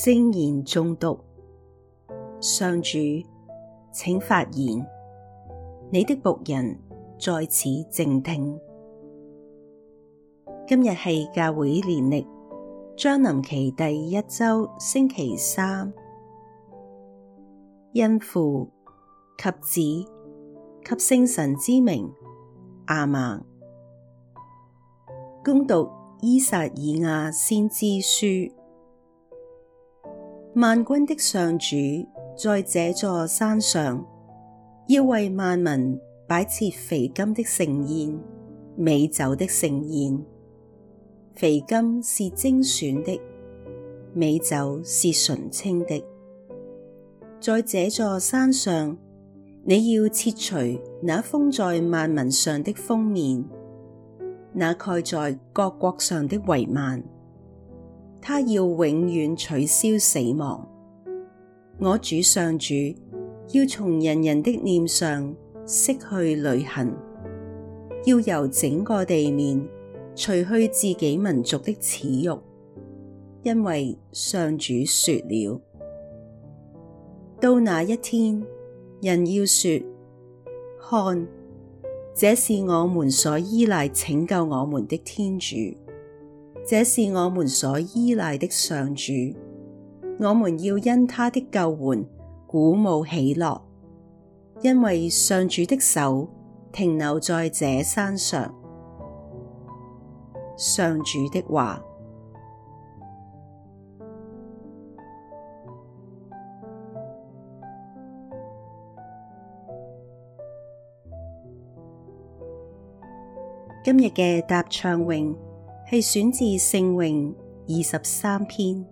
聖言誦讀，上主，請發言，你的僕人在此靜聽。今日係教會年曆將臨期第一周，星期三，因父及子及聖神之名，阿門。恭讀《依撒意亞先知書》。萬軍的上主，在這座山上，要爲萬民擺設肥甘的盛宴，美酒的盛宴。肥甘是精選的，美酒是醇清的。在這座山上，你要撤除那封在萬民上的封面，那蓋在各國上的帷幔。他要永遠取消死亡，我主上主要從人人的臉上拭去淚痕，要由整個地面除去自己民族的恥辱，因為上主說了，到那一天，人要說：看，這是我們所依賴拯救我們的天主。這是我們所依賴的上主，我們要因他的救援鼓舞喜樂，因為上主的手停留在這山上。上主的話。今日嘅答唱詠。係選自《聖詠》二十三篇。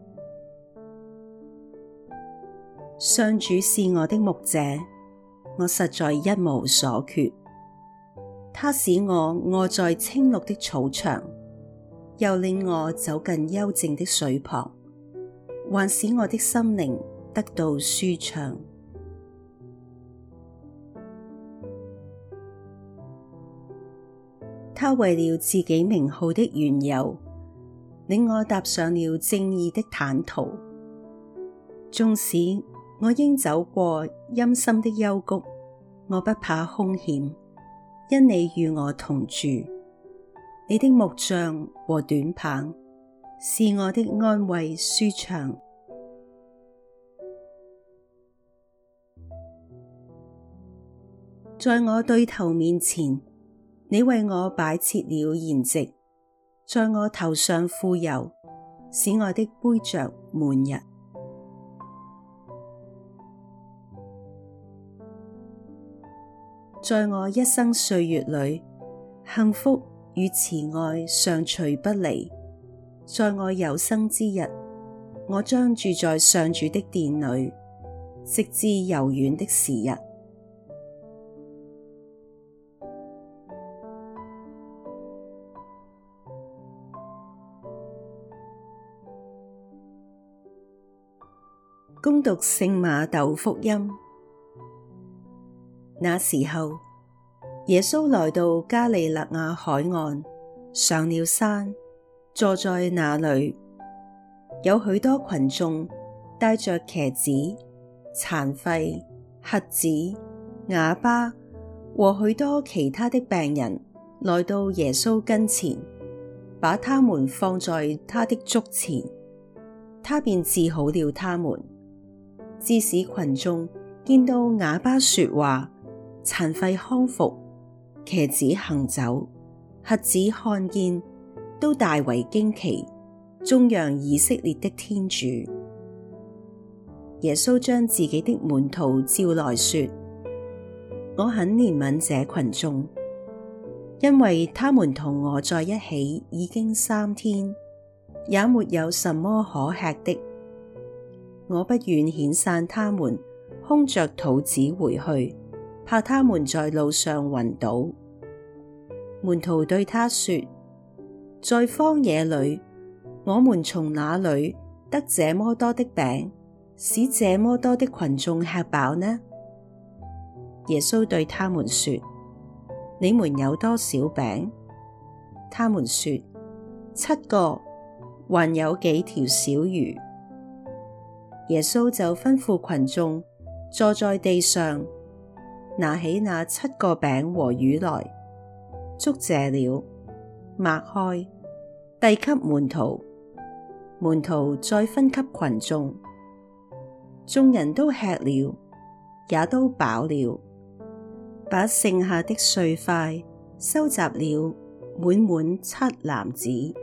上主是我的牧者，我實在一無所缺。他使我臥在青綠的草場，又令我走近幽靜的水旁，還使我的心靈得到舒暢。他為了自己名號的原由，領我踏上了正義的坦途。縱使我應走過陰森的幽谷，我不怕凶險，因你與我同住。你的牧杖和短棒是我的安慰舒暢，在我對頭面前。你為我擺設了筵席，在我頭上傅油，使我的杯爵滿溢。在我一生歲月裏，幸福與慈愛常隨不離。在我有生之日，我將住在上主的殿裏，直至悠遠的時日。恭讀聖瑪竇福音。那時候，耶穌來到加里肋亞海岸，上了山，坐在那裡。有許多群眾帶着瘸子、殘廢、瞎子、啞巴和許多其他的病人來到耶穌跟前，把他們放在他的足前，他便治好了他們。致使群眾見到啞巴說話、殘廢康復、瘸子行走、瞎子看見，都大為驚奇，頌揚以色列的天主。耶穌將自己的門徒召來說：我很憐憫這群眾，因為他們同我在一起已經三天，也沒有什麼可吃的。我不願遣散他們，空着肚子回去，怕他們在路上暈倒。門徒對他說：在荒野裏，我們從哪裏得這麼多的餅，使這麼多的群眾吃飽呢？耶穌對他們說：你們有多少餅？他們說：七個，還有幾條小魚。耶穌就吩咐群眾坐在地上，拿起那七個餅和魚來，祝謝了，擘開，遞給門徒，門徒再分給群眾，眾人都吃了，也都飽了，把剩下的碎塊收集了，滿滿七籃子。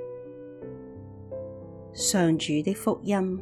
上主的福音。